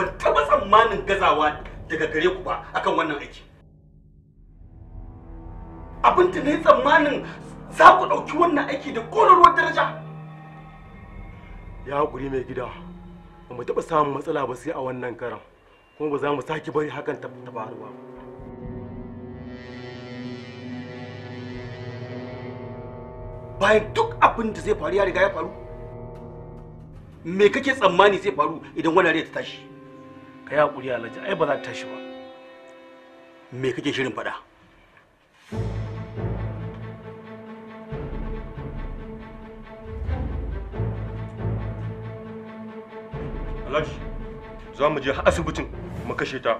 ban taɓa tsammanin gazawa daga gare ku ba akan wannan aiki abin da na tsammanin za ku ɗauki wannan aiki da ƙololuwar daraja ya guri mai gida ba mu taɓa samun matsala ba sai a wannan karan kuma ba za mu sake bari hakan ta faru ba bayan duk abin da zai faru ya riga ya faru me kake tsammani zai faru idan wannan rai ta tashi ka yi haƙuri lajin ai ba za ta tashi ba me kake shirin faɗa alhaji za mu je asibitin mu kashe ta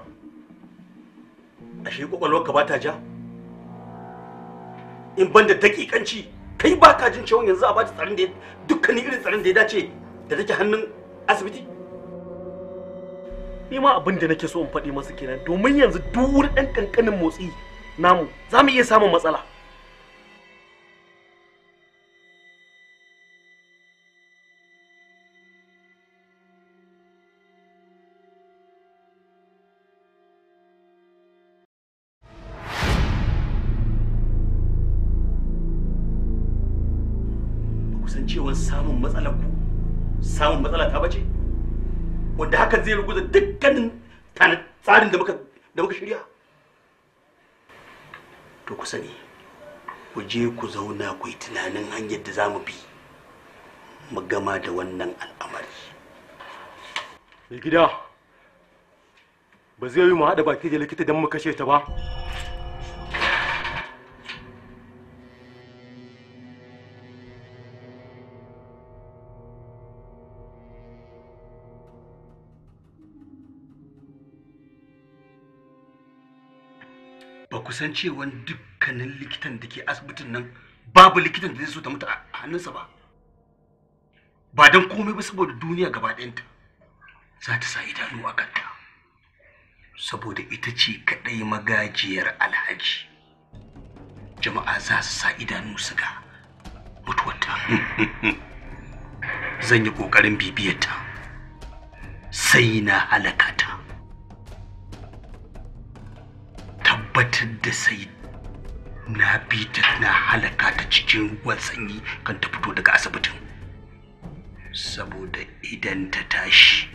ashe kwakwalwarka ba ta ja in ban da dakikanci kai ba ka jin cewa yanzu a ba ta tsarin da dukkanin irin tsarin da ya dace da take hannun asibiti ni ma abin da nake so in faɗi masu kenan domin yanzu duk wani ɗan ƙanƙanin motsi namu za mu iya samun matsala wanda haka zai ruguza dukkanin tsarin da muka shirya to ku sani ku je ku zauna ku yi tunanin hanyar da za mu bi mu gama da wannan al'amari gida ba zai yi mu haɗa baki da likita don mu kashe ta ba san cewa dukkanin likitan da ke asibitin nan babu likitan da zai so ta mutu a hannunsa ba ba dan komai ba saboda duniya gaba ɗayanta za ta sa idanu a kanta saboda ita ce kaɗai magajiyar alhaji jama'a za su sa idanu su ga mutuwarta zan yi ƙoƙarin bibiyarta sai na halaka ta tabbatar da sai na bi ta na halaka ta cikin ruwan sanyi kan ta fito daga asibitin saboda idan ta tashi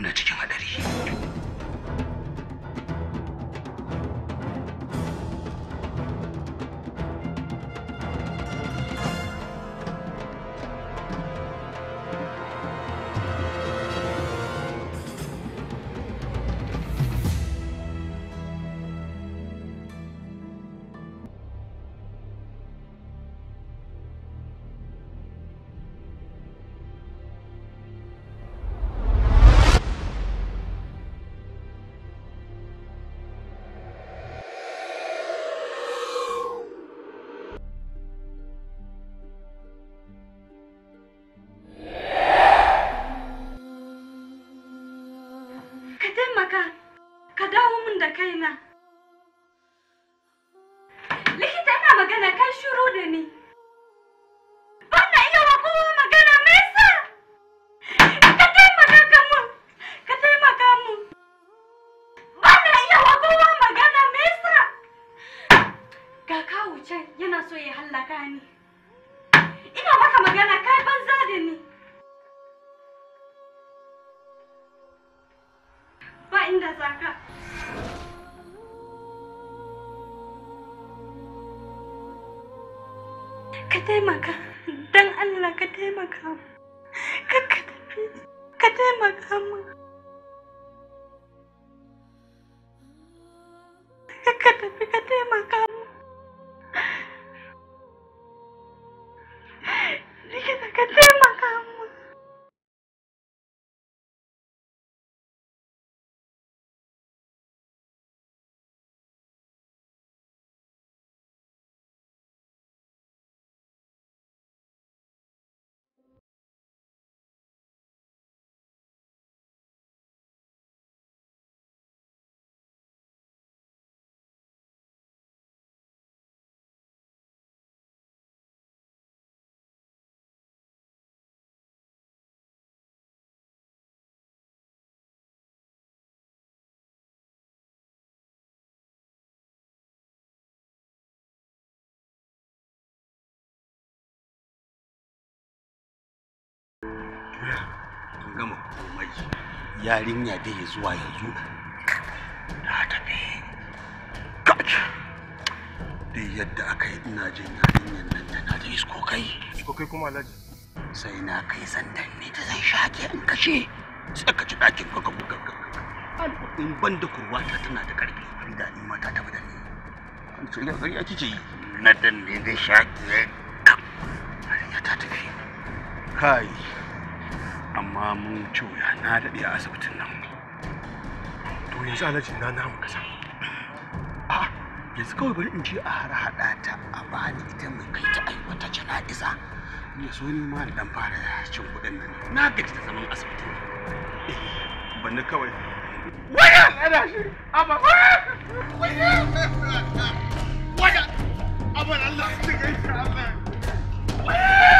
na cikin hadari ただいまか。yarinya da ya zuwa yanzu ta tafi da yadda aka yi ina jin yarinyar nan na da isko kai isko kai kuma alhaji sai na kai sandan ne da zan shake in kashe sai ka ci ɗakin kaka kuka in ban da kurwata tana da ƙarfi Har da ni mata ta bada ni an ce ya ƙarya kike yi na dan ne da shake ya ta tafi kai amma mun wuya na daɗe a asibitin nan to yanzu alaji na namu kasa a yanzu kawai bari in je a har haɗa ta a bani ita mai kai ta aiwata jana'iza ya so ni ma dan fara cin kuɗin nan na gaji ta zaman asibiti banda kawai waya ana shi amma waya waya amma Allah ya kai Allah waya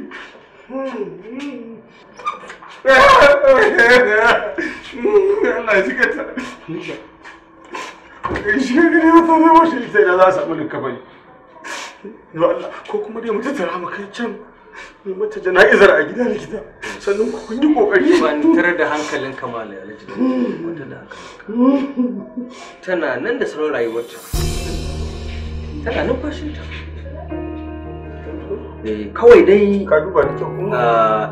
Allah shi ta. gani ita da za a samu linka bane. ko kuma dai can mata jana'izar a gida sannan ku kun yi kokari. da hankalin kamala ya da Tana nan da sauran rayuwarta. Tana numfashinta. kawai dai ka duba da kyau kuma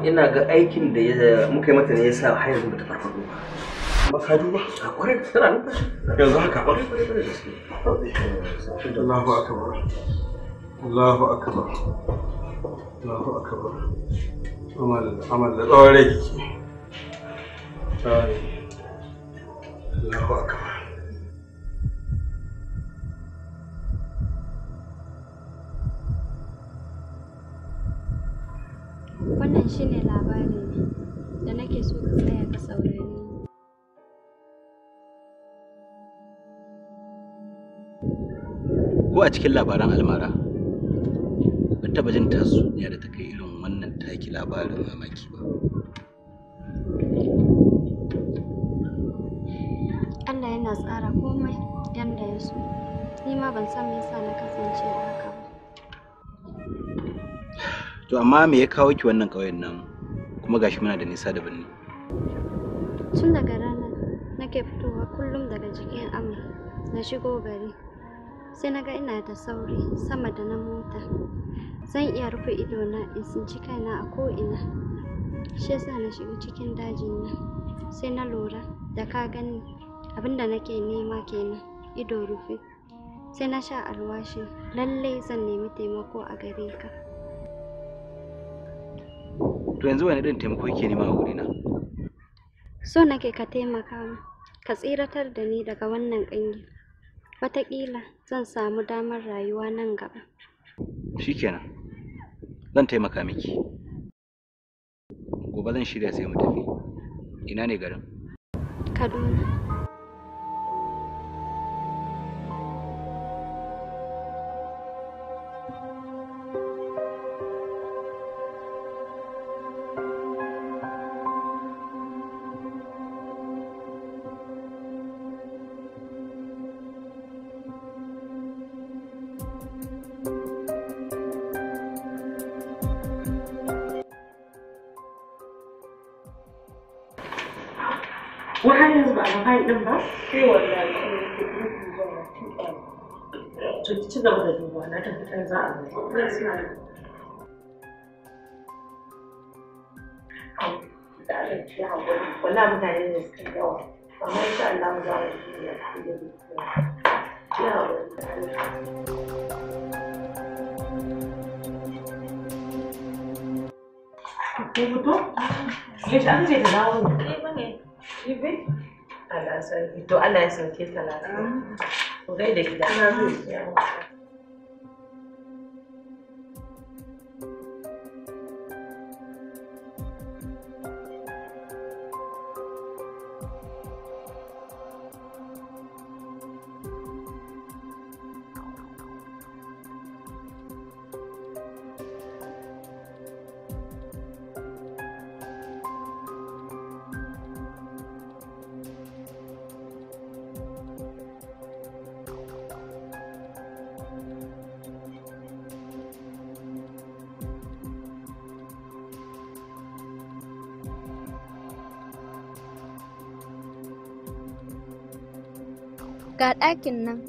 ina ga aikin da muka yi mata ne yasa har yanzu bata farfado ba ba ka duba a kwarai tana numfashi yanzu haka ba Allahu akbar Allahu akbar Allahu akbar amal amal da tsawon rai Allahu akbar Wannan shi ne da nake so ka tsaya ka saurari. Ko a cikin labaran almara, ban taɓa jin tatsuniya da ta irin wannan taki labarin mamaki ba. Allah yana tsara komai yadda ya so, ni ma ban san me yasa na kasance haka ba. to amma me ya kawo ki wannan ƙauyen nan kuma gashi muna da nisa da birni tun daga rana nake fitowa kullum daga jikin amma na shigo gari sai na ga ina da sauri sama da na mota zan iya rufe idona in tsinci kaina a ko'ina shi yasa na shiga cikin dajin nan sai na lura da ka gani abinda nake nema kenan ido rufe sai na sha alwashi lallai zan nemi taimako a gare ka to yanzu wani ɗin taimako yake nema a wurina so nake ka taimaka ka tsiratar da ni daga wannan ƙangi wataƙila zan samu damar rayuwa nan gaba shikenan zan taimaka miki gobe zan shirya sai mu tafi ina ne garin kaduna to ci gaba da duba na tabbatar za a wala mutane ne suka yawa amma insha Allah mu za mu yi da Ke fito? ta ce ta dawo ne. Ke ba ne? Allah ya sauke ta lafiya. お礼できた。اكلنا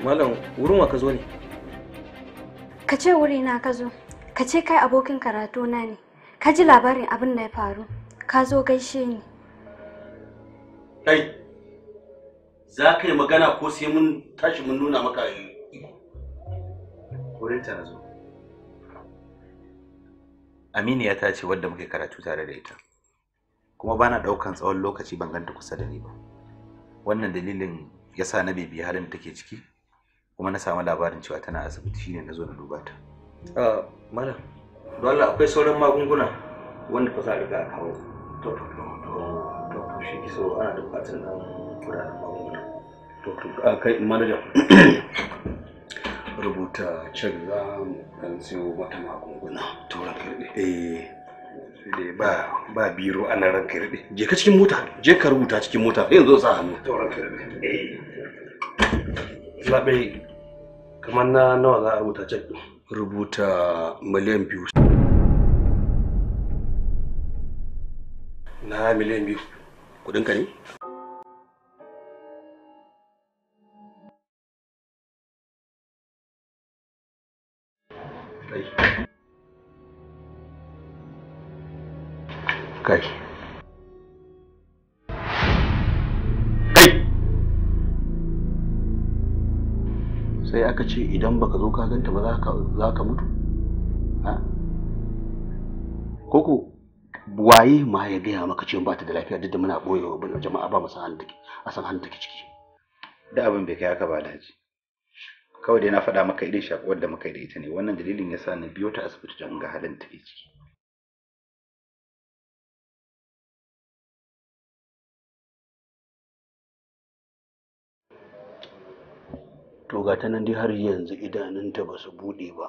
malam wurin wa ka zo ne ka ce wuri na ka zo ka ce kai abokin karatu na ne ka ji labarin abin da ya faru ka zo gaishe ni kai za ka yi magana ko sai mun tashi mun nuna maka wurin ta zo aminiya ta ce wadda muke karatu tare da ita kuma bana ɗaukan tsawon lokaci ban ganta kusa da ni ba wannan dalilin yasa na bibiya halin da take ciki kuma na samu labarin cewa tana asibiti shine na zo na duba ta a ah, malam dole akwai sauran magunguna wanda ka za a riga a kawo to to to to to shi kiso ana da bukatun nan kuɗaɗen magunguna to to a ah, kai manaja rubuta cek za mu dan siyo mata magunguna tura kirɗe eh ba ba biro ana ranka rade je ka cikin mota je ka rubuta cikin mota yanzu sa hannu to ranka rade eh labai kamar na nawa za a rubuta cek rubuta miliyan biyu na miliyan biyu kudin ka ne kai sai aka ce idan baka zo ka ganta ba za ka mutu koko waye ma ya gaya maka cewa ba ta da lafiya duk da muna ɓoye wa jama'a ba musan hannu take a san hannu take ciki da abin bai kai haka ba ji kawai dai na faɗa maka irin shakuwar da muka yi da ita ne wannan dalilin yasa na biyo ta asibiti don ga halin take ciki to ga ta nan dai har yanzu idanunta ba su buɗe ba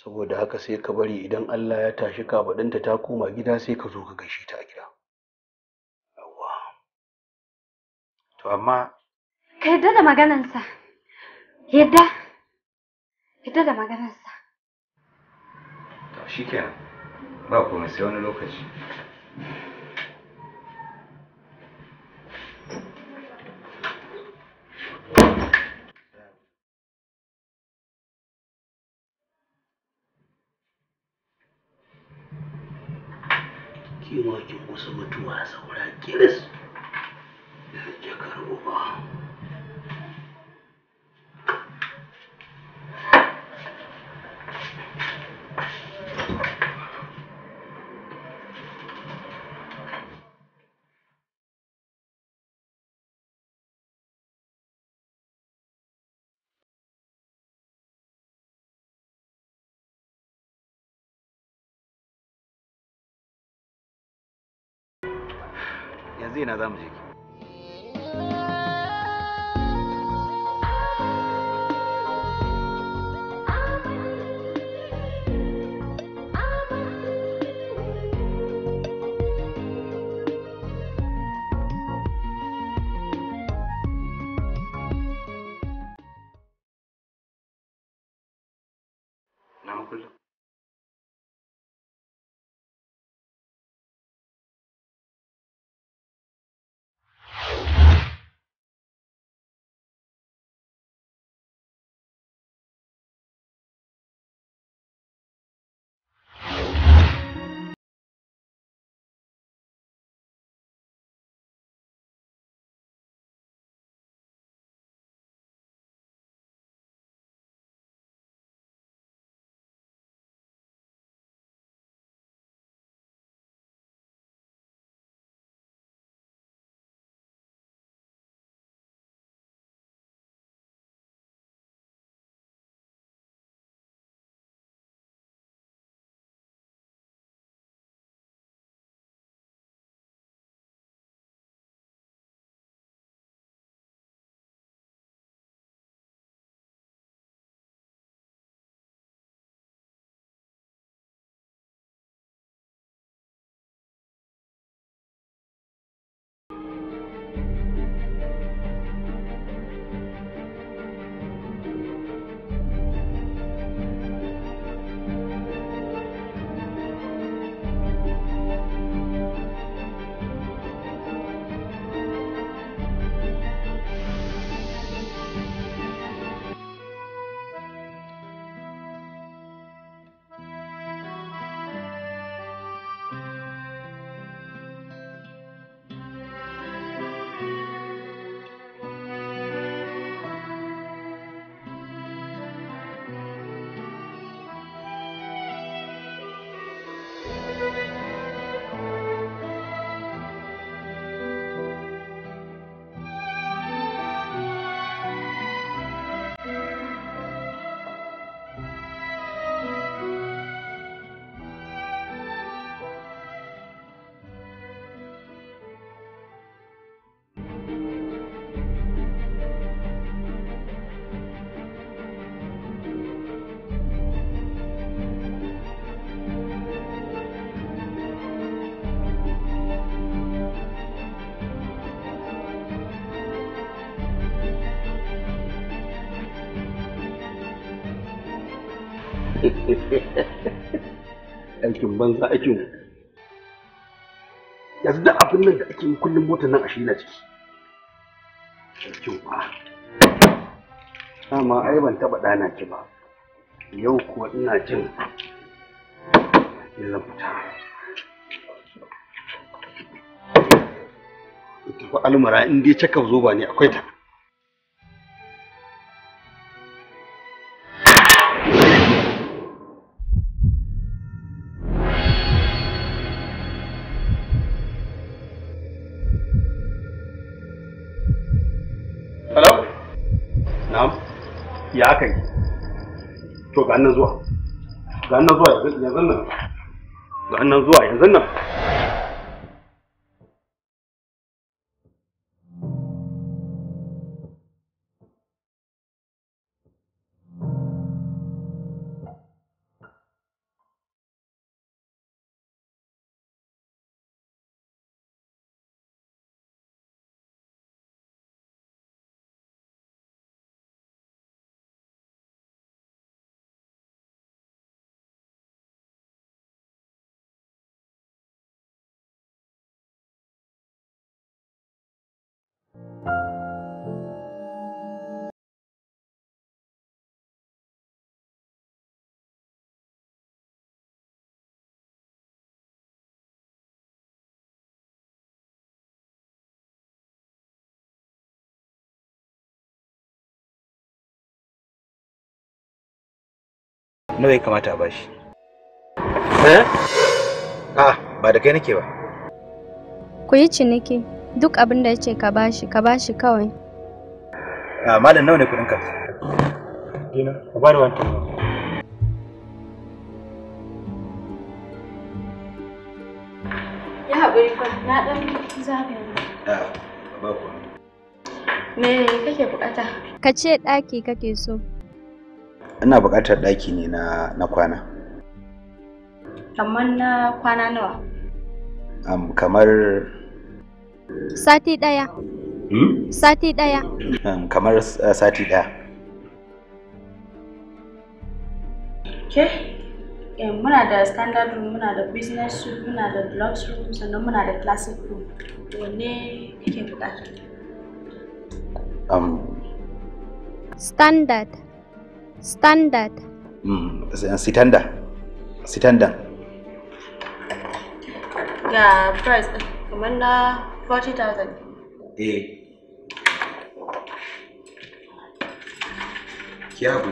saboda haka sai ka bari idan Allah ya tashi kabaɗinta ta koma gida sai ka zo ka gaishe ta a gida yawa to amma ka yadda da maganansa yadda yadda da maganansa to shikenan ba komai sai wani lokaci ¿Quieres? zai na aikin banza aikin yanzu duk abin nan da ake yi kullum motar nan a shi na ciki aikin ba dama ai ban taɓa dana ki ba yau kuwa ina jin ina fita ita fa almara in dai cakar zoba ne akwai ta ya aka yi to ga annan zuwa ga annan zuwa yanzu nan ga annan zuwa yanzu nan nawa ya kamata a bashi eh Ah, ba da kai nake ba ku yi ciniki duk abin da ce ka bashi ka bashi kawai Ah, malam nawa ne kudin ka dina ka bada wanta ya haƙuri fa na ɗan zaɓe ne ah, me kake buƙata ka ce ɗaki kake so ina buƙatar ɗaki ne na kwana kamar na kwana nawa um, kamar sati ɗaya hmm? sati ɗaya um, kamar uh, sati ɗaya ke okay. muna da standard room muna da business room muna da deluxe room sannan muna da classic room wanne kake buƙata um, standard Standard. Mm, eh, sitanda. Sitanda. price eh, kamar na 40,000. Eh.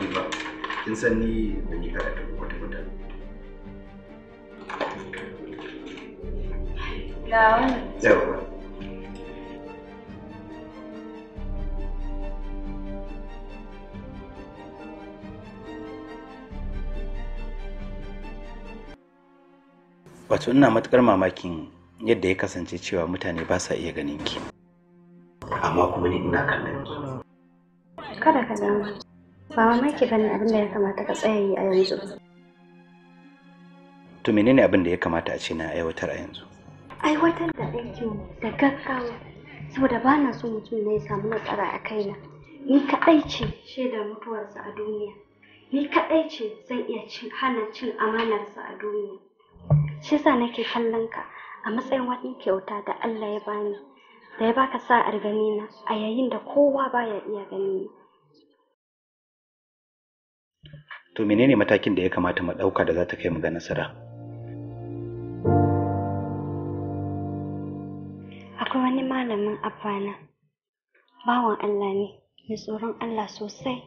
ba, kin san ni da ni karatu wannan. wato ina matukar mamakin yadda ya kasance cewa mutane ba sa iya ganin ki amma kuma ni ina kallon ki kada ka zama ba mamaki bane abin da ya kamata ka tsaya yi a yanzu to menene abin da ya kamata a ce na aiwatar a yanzu aiwatar da aiki da gaggawa saboda ba na so mutum ne ya samu nasara a kaina ni kaɗai ce shaidar mutuwarsa a duniya ni kaɗai ce zan iya hana cin amanarsa a duniya shi yasa nake kallon ka a matsayin wani kyauta da Allah ya bani da ya baka sa'ar gani na a yayin da kowa baya iya gani to menene matakin da ya kamata mu ɗauka da za ta kai mu ga nasara akwai wani malamin abana bawan Allah ne mai tsoron Allah sosai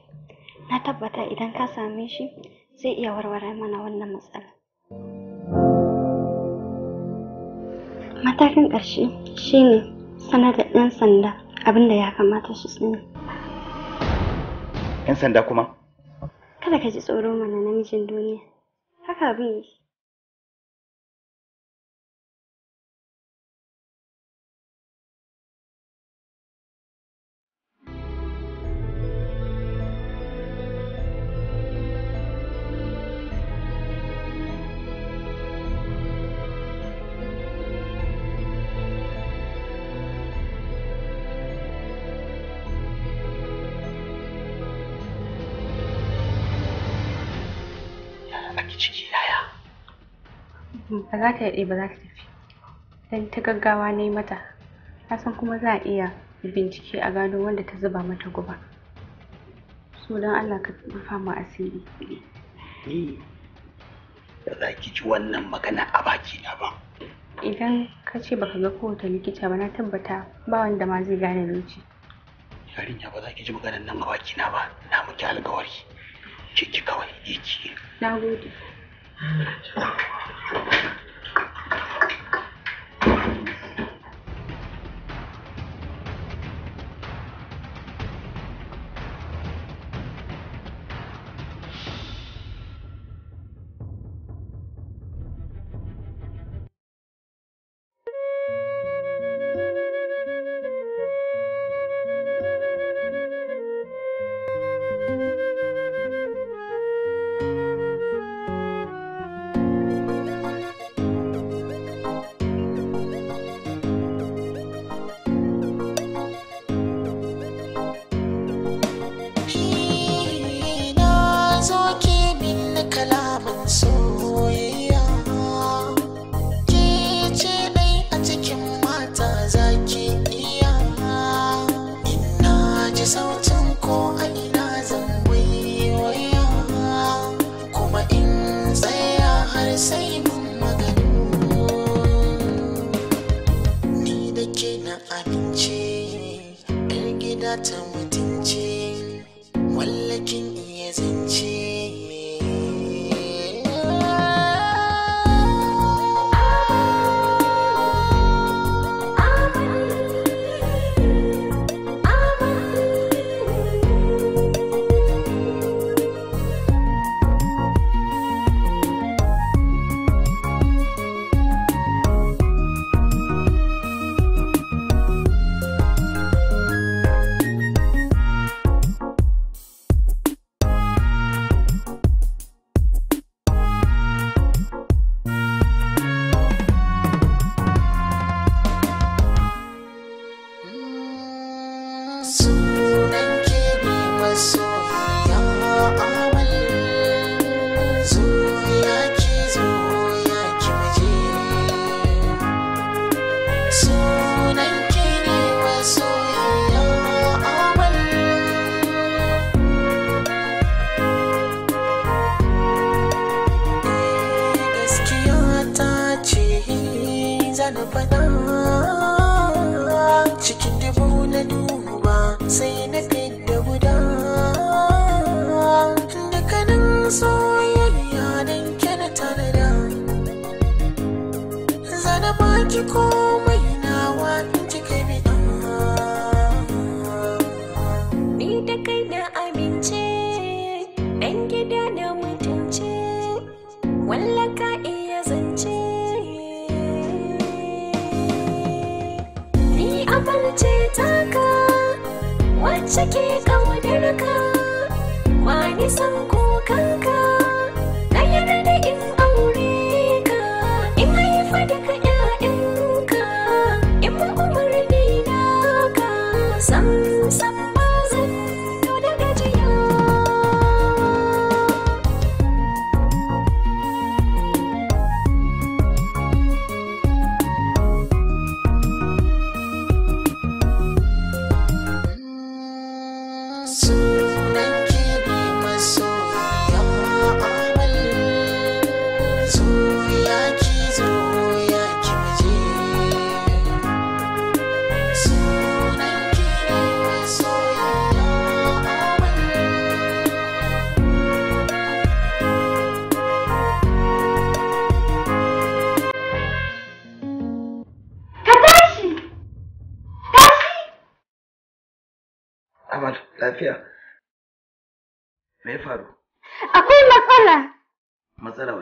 na tabbata idan ka same shi zai iya warware mana wannan matsalar matakin ƙarshe shine sanar da 'yan sanda abinda ya kamata su sani 'yan sanda kuma kada ka ji tsoro mana namijin duniya haka abin yake ba za ta daɗe ba za ta tafi dan ta gaggawa na yi mata ta san kuma za a iya bincike a gano wanda ta zuba mata guba so don allah ka rufa mu asiri ni eh, ba za ki ji wannan magana a baki na ba idan ka ce baka ga kowace likita ba na tabbata ba wanda ma zai gane ni yarinya ba za ki ji maganar nan a baki na ba na muke alkawari ciki kawai yake na gode ah,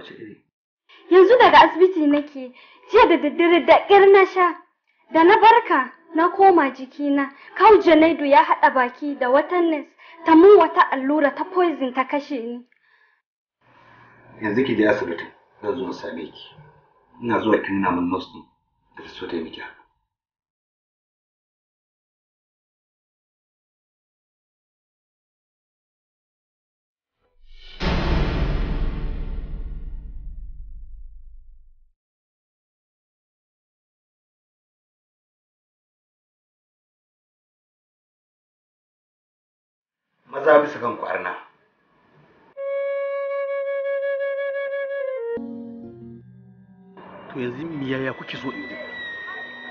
wace iri yanzu daga asibiti nake jiya da daddare da ƙyar na sha da na barka na koma jikina kawo janaidu ya haɗa baki da wata nes ta mun wata allura ta poison ta kashe ni yanzu ki je asibitin zan zo same ki ina zuwa kin nuna min nurse ne da so ta yi miki haka ta bisa kan kwarna to yanzu mi yaya kuke so in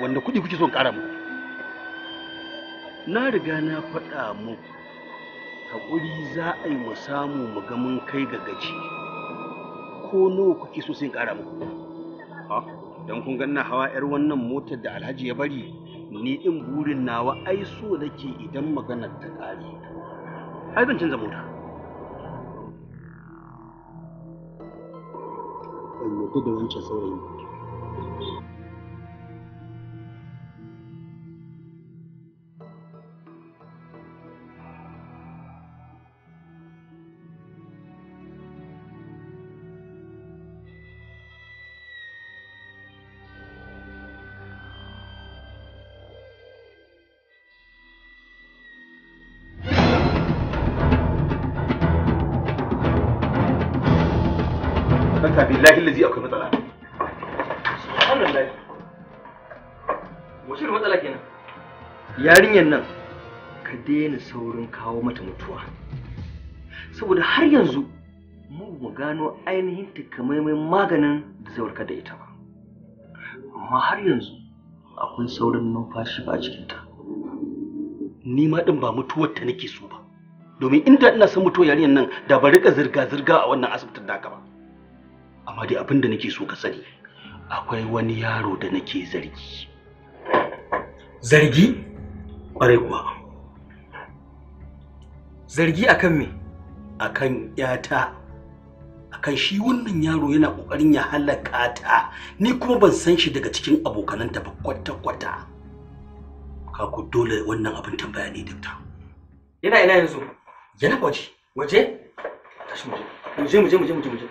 wanda kuɗi kuke son ƙara muku na riga na faɗa muku haƙuri za a yi mu samu mu ga mun kai ga gaci ko nawa kuke so sai ƙara muku ha dan kun ganna hawa yar wannan motar da alhaji ya bari ni din burin nawa ai so nake idan maganar ta ƙare ai zan canza mota ban yadda da wancan saurayi billahi lazi akwai matsala yarinyar nan ka daina saurin kawo mata mutuwa saboda har yanzu mu mu gano ainihin takamaimai maganin da zai warkar da ita ba amma har yanzu akwai saurin numfashi ba a cikinta ni ma din ba mutuwar ta nake so ba domin inda ina son mutuwar yarinyar nan da ba rika zirga zirga a wannan asibitin da ba amma dai abin da nake so ka sani akwai wani yaro da nake zargi zargi ƙwarai kuwa zargi akan me akan yata akan shi wannan yaro yana ƙoƙarin ya halaka ta ni kuma ban san shi daga cikin abokananta ba kwata-kwata Ka ku dole wannan abin tambaya ne dakta yana ina yanzu yana waje waje tashi muje muje muje muje muje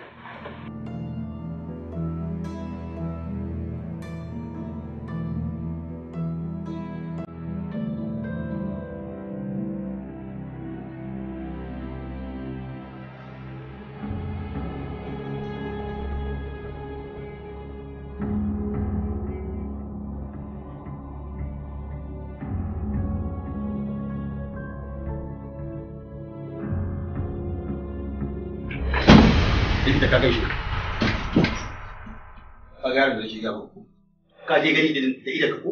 ne gani da idan ka ko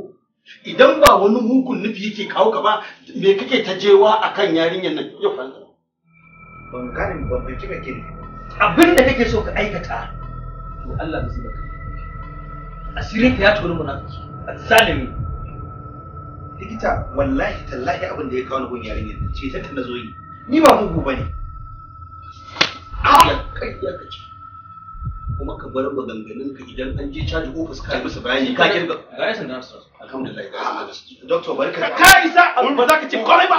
idan ba wani mugun nufi yake kawo ka ba me kake ta jewa akan yarinyar nan yau fa ban gane ban fahimci me kake abin da kake so ka aikata to Allah ba zai baka asirin ka ya tori munafiki zalimi likita wallahi tallahi abin da ya kawo ni gun yarinyar ce ta tana zo yi ni ba mugu bane ya kai ya kace kuma ka bar maganganun ka idan an je caji ofis ka yi musu bayani ka kirga ga yasan da nasu alhamdulillah ga yasan doctor barka ka isa ba za ka ce komai ba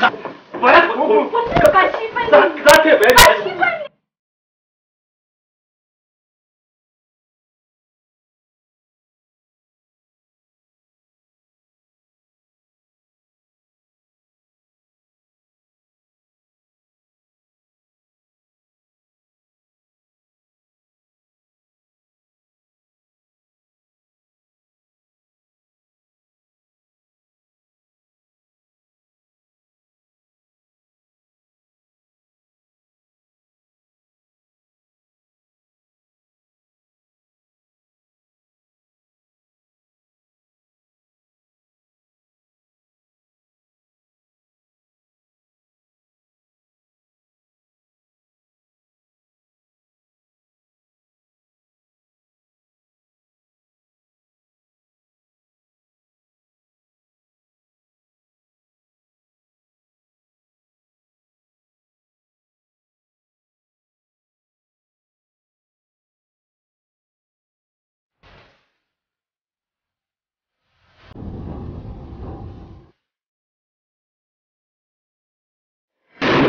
ka ba za ka yi bayani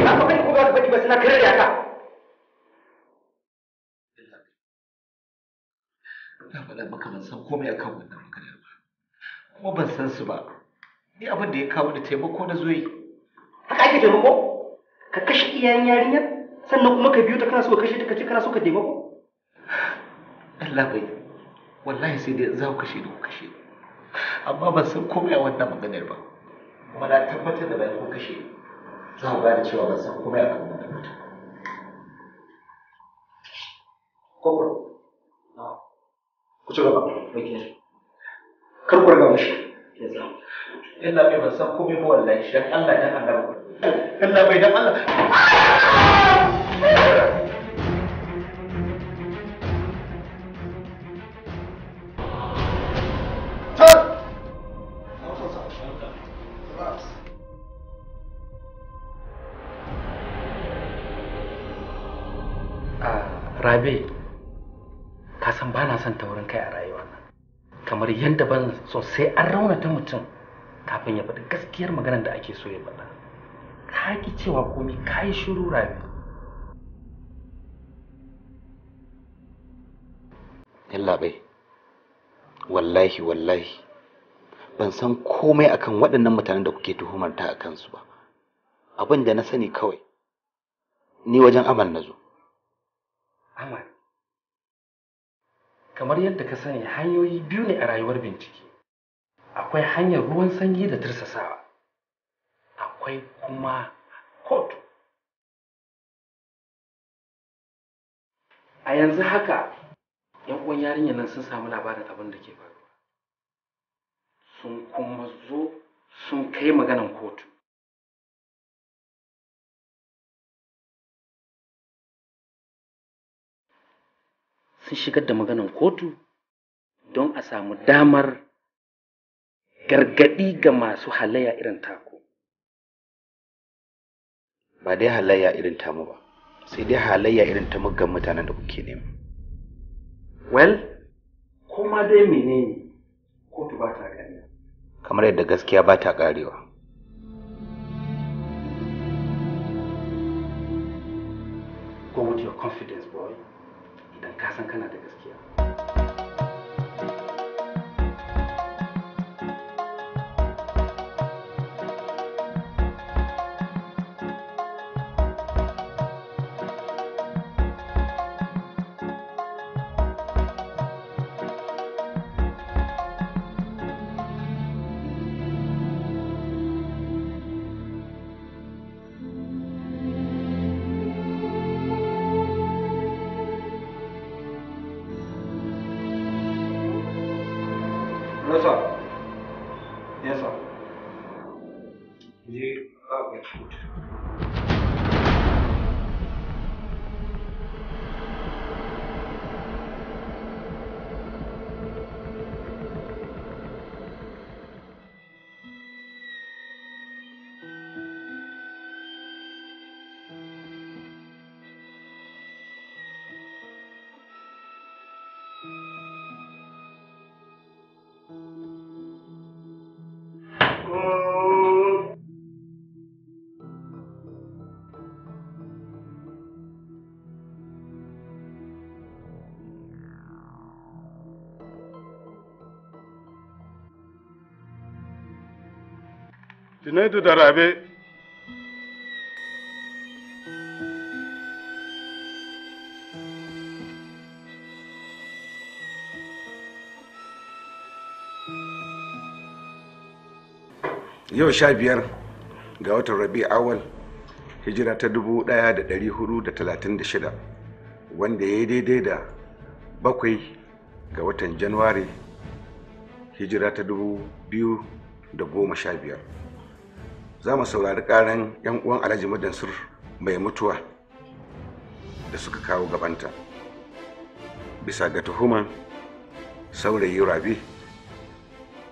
haka bane ko ba ka faɗi ba suna kare ka na faɗa maka ban san komai akan wannan maganar ba kuma ban san su ba ni abin da ya kawo da taimako na zoyi haka ake taimako ka kashe iyayen yarinyar sannan kuma ka biyo ta kana so ka kashe ta kana so ka taimako Allah bai wallahi sai dai za ku kashe ni ku kashe amma ban san komai a wannan maganar ba kuma na tabbatar da bai ku kashe za mu gane cewa ban san komai kokoro ku ci gaba kar ku ga mushi illa bai ban san komai ba wallahi shi Allah dan Allah bai dan Allah so sai an ta mutum kafin ya faɗi gaskiyar maganar da ake so ya faɗa ka ki cewa komai ka yi shiru rabi Yallabai, wallahi wallahi ban san komai akan waɗannan mutanen da kuke tuhumarta a kansu ba abin da na sani kawai ni wajen amal na zo amal kamar yadda ka sani hanyoyi biyu ne a rayuwar bincike akwai hanyar ruwan sanyi da tursasawa akwai kuma kotu a yanzu haka yan uwan yarinyar nan sun samu labarin abin da ke faruwa sun kuma zo sun kai maganan kotu sun shigar da maganan kotu don a samu damar gargaɗi ga masu halayya irin taku ba dai halayya irin tamu ba sai dai halayya irin ta ga mutanen da kuke nema well kuma dai menene kotu ba ta gani kamar yadda gaskiya ba ta karewa go with your confidence boy idan ka san kana da gaskiya Junaidu da Rabe yau sha biyar ga watan rabi awal hijira ta dubu ɗaya da ɗari hudu da talatin da shida wanda ya yi daidai da bakwai ga watan januwari hijira ta dubu biyu da goma sha biyar za mu saurari karan yan uwan alhaji madansur mai mutuwa da suka kawo gabanta bisa ga tuhuman saurayi rabi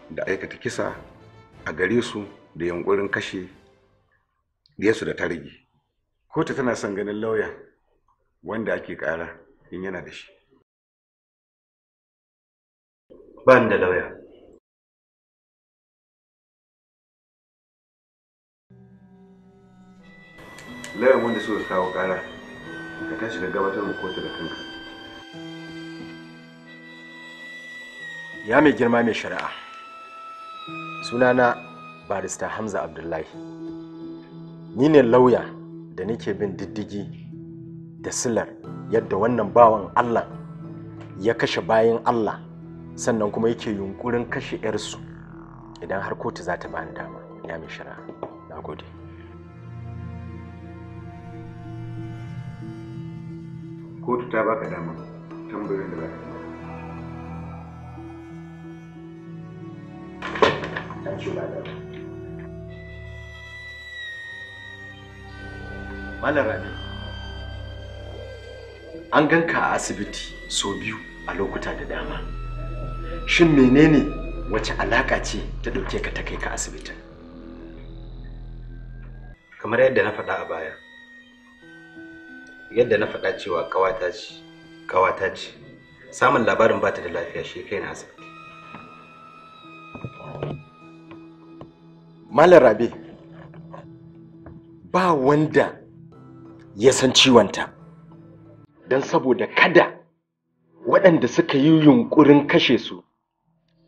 da aikata kisa a gare su da yankurin kashe diyarsu da tarigi kotu tana son ganin lauya wanda ake kara in yana da shi ban da lauya lauyan wanda suka kawo kara ka tashi ka gabatar mu kotu da kanka ya mai girma mai shari'a sunana barista hamza abdullahi ni ne lauya da nake bin diddigi da silar yadda wannan bawan allah ya kashe bayan allah sannan kuma yake yunkurin kashe 'yarsu idan har kotu za ta bani dama ya mai shari'a na gode kotu ta baka dama tambayoyin da baka dama Malam Rabi. An ganka a asibiti sau biyu a lokuta da dama. Shin menene wace alaka ce ta dauke ka ta kai ka asibitin? Kamar yadda na faɗa a baya, yadda na faɗa cewa ƙawata ce ƙawata ce samun labarin bata da lafiya shi kai na asibiti malam rabe ba wanda ya san ciwonta don saboda kada waɗanda suka yi yunƙurin kashe su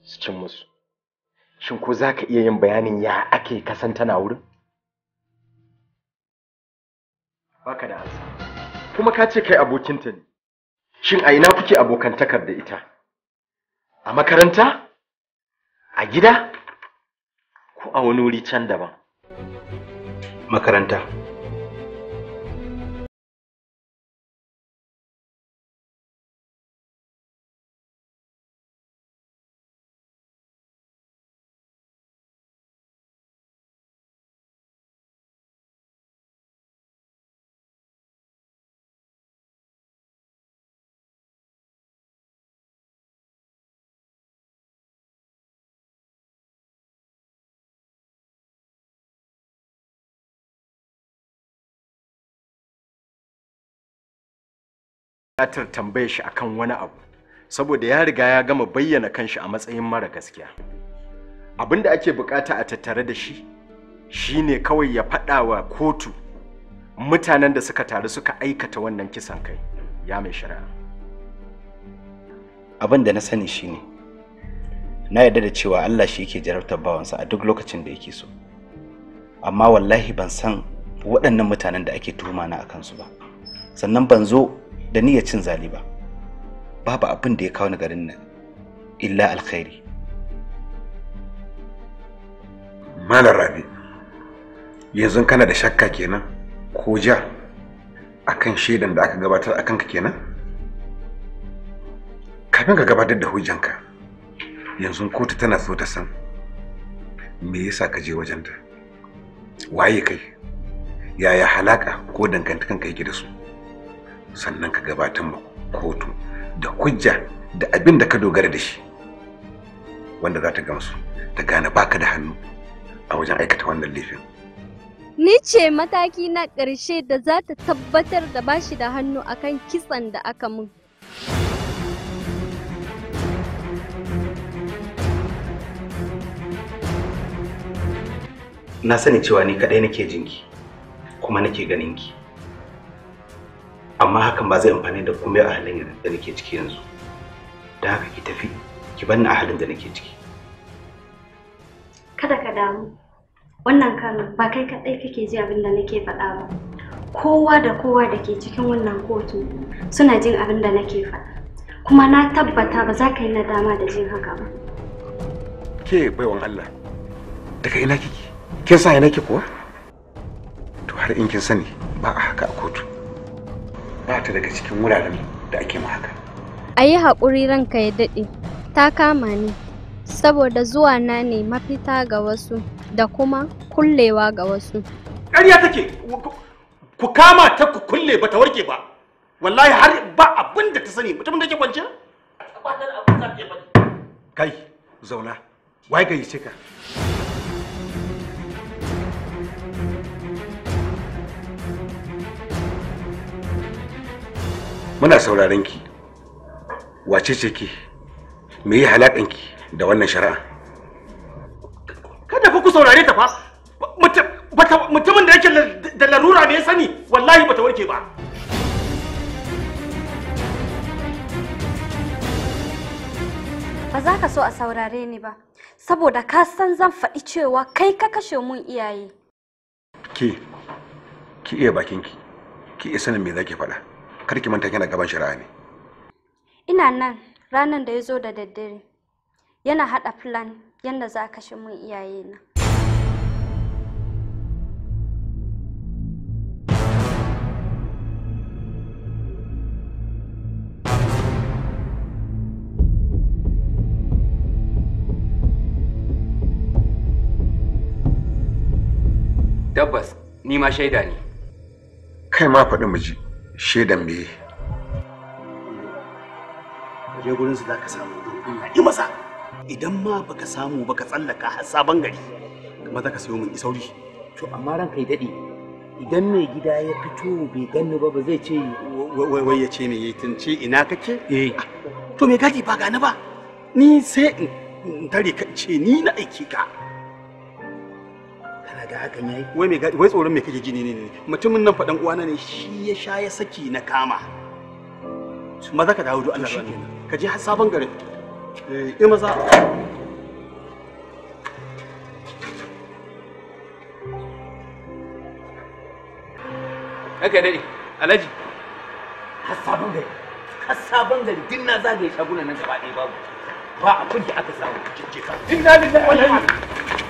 su cin musu shin ko za ka iya yin bayanin ya ake kasan tana wurin baka da ansa kuma ka ce kai abokinta ne shin a ina kuke abokantakar da ita a makaranta a gida ko a wani wuri can daban makaranta buƙatar tambaye shi akan wani abu saboda ya riga ya gama bayyana kanshi a matsayin mara gaskiya abin da ake buƙata a tattare da shi shine kawai ya faɗa wa kotu mutanen da suka taru suka aikata wannan kisan kai ya mai shari'a abin da na sani shine na yarda da cewa Allah shi yake jarabtar bawansa a duk lokacin da yake so amma wallahi ban san waɗannan mutanen da ake tuhuma na akan su ba sannan ban zo da niyyar cin zali ba babu abin da ya kawo ni garin nan illa alkhairi malam rabi yanzu kana da shakka kenan ko ja akan shaidan da aka gabatar akan ka kenan kafin ka gabatar da hujjanka yanzu kotu tana so ta san me yasa ka je wajenta waye kai yaya halaka ko dangantakan ka yake da su sannan ka gabatar ma kotu da hujja da abin da ka dogara da shi wanda za ta gamsu ta gane baka da hannu a wajen aikata wannan laifin ni ce mataki na ƙarshe da za ta tabbatar da bashi da hannu akan kitsan da aka mun na sani cewa ni kaɗai nake jinki kuma nake ganinki amma hakan ba zai amfani da komai a halin da nake ciki yanzu da haka ki tafi ki banna a halin da nake ciki kada ka damu wannan kano ba kai kaɗai kake ji abin da nake faɗa ba kowa da kowa da ke cikin wannan kotu suna jin abin da nake faɗa kuma na tabbata ba za ka yi nadama da jin haka ba ke baiwan allah daga ina kike kin sa ina ke kuwa to har in kin sani ba a haka a kotu bata daga cikin wuraren da ake ma haka a yi haƙuri ranka ya daɗe ta kama ni saboda zuwa na ne mafita ga wasu da kuma kullewa ga wasu ƙarya take ku kama ta ku kulle ba ta warke ba wallahi har ba abin da ta sani mutumin da ke kwanciya kai zauna wai gayyace ka muna sauraron ki wace ce ki me yi halakan ki da wannan shari'a kada fa ku saurare ta fa mutumin da yake da larura ne ya sani wallahi bata warke ba ba za ka so a saurare ni ba saboda ka san zan faɗi cewa kai ka kashe mun iyaye ki ki iya bakinki ki iya sanin me zaki faɗa kar ki manta kina gaban shari'a ne ina nan ranan da ya zo da daddare yana haɗa plan yadda za a kashe mun na tabbas ni ma shaida ne kai ma faɗi miji She me je gurin su zaka samu yi masa idan ma baka samu baka tsallaka har sabon gari kuma zaka sayo min isauri to amma ranka kai dade idan mai gida ya fito bai ganni ba ba zai ce wai ya ce me yayi tunce ina kake eh ah, to me gadi ba gani ba ni sai in tare ka ce ni na aiki ka da hakan yayi wai me wai tsoron me kake ji ne ne mutumin nan fadan uwana ne shi ya sha ya saki na kama maza ka dawo Allah shi ka je har sabon garin eh, eh maza Aka dai Alhaji har sabon gari har sabon gari din na zagaye shaguna nan gaba ɗaya babu ba a da aka samu inna lillahi wa inna ilaihi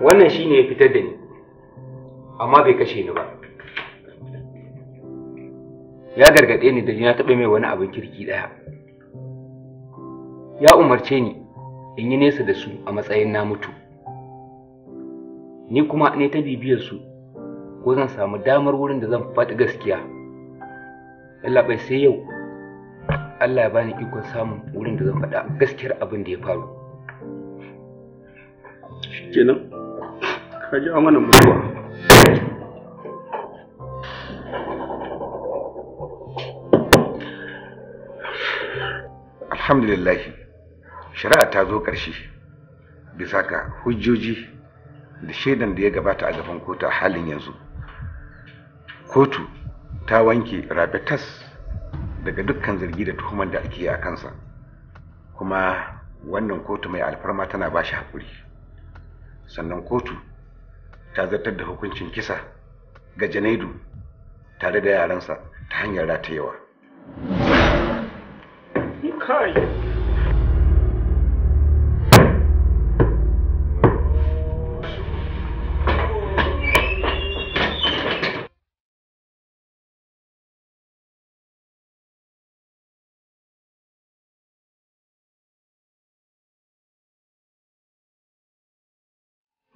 wannan shi ne ya fitar da ni amma bai kashe ni ba ya gargaɗe ni da na taɓa mai wani abin kirki ɗaya ya umarce ni in yi nesa da su a matsayin na mutu ni kuma ne ta bibiyar su ko zan samu damar wurin da zan faɗi gaskiya Allah sai yau Allah ya bani ikon samun wurin da zan faɗa gaskiyar abin da ya faru kenan kaji an amana mutuwa alhamdulillah shari'a ta zo ƙarshe bisa ka hujjoji da shaidan da ya gabata a gaban kotu a halin yanzu kotu ta wanke rabitas daga dukkan zargi da tuhuman da ake yi a kansa kuma wannan kotu mai alfarma tana ba shi haƙuri sannan kotu ta zartar da hukuncin kisa ga janaidu tare da yaransa ta hanyar ratayewa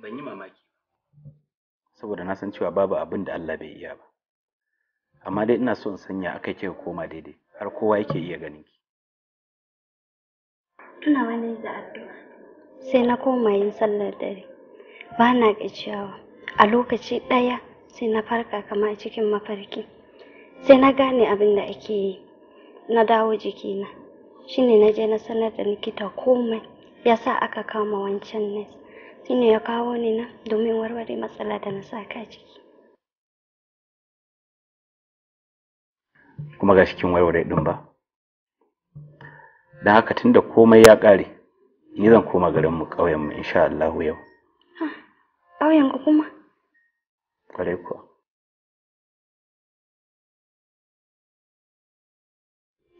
ban yi mamaki saboda na san cewa babu abin da Allah bai iya ba amma dai ina so in sanya akai ke koma daidai har kowa yake iya ganin ki tuna wani da addu'a sai na koma yin sallar dare ba na gajiyawa a lokaci ɗaya sai na farka kamar cikin mafarki sai na gane abin da ake yi na dawo jikina shine na je na sanar da likita komai yasa aka kama wancan nes shine ya kawo ni nan domin warware matsala da na saka ciki kuma ga cikin warware din ba don haka tunda komai ya ƙare ni zan koma garin mu ƙauyen mu insha Allah yau ƙauyen ku kuma ƙwarai kuwa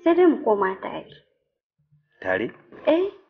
sai dai mu koma tare tare eh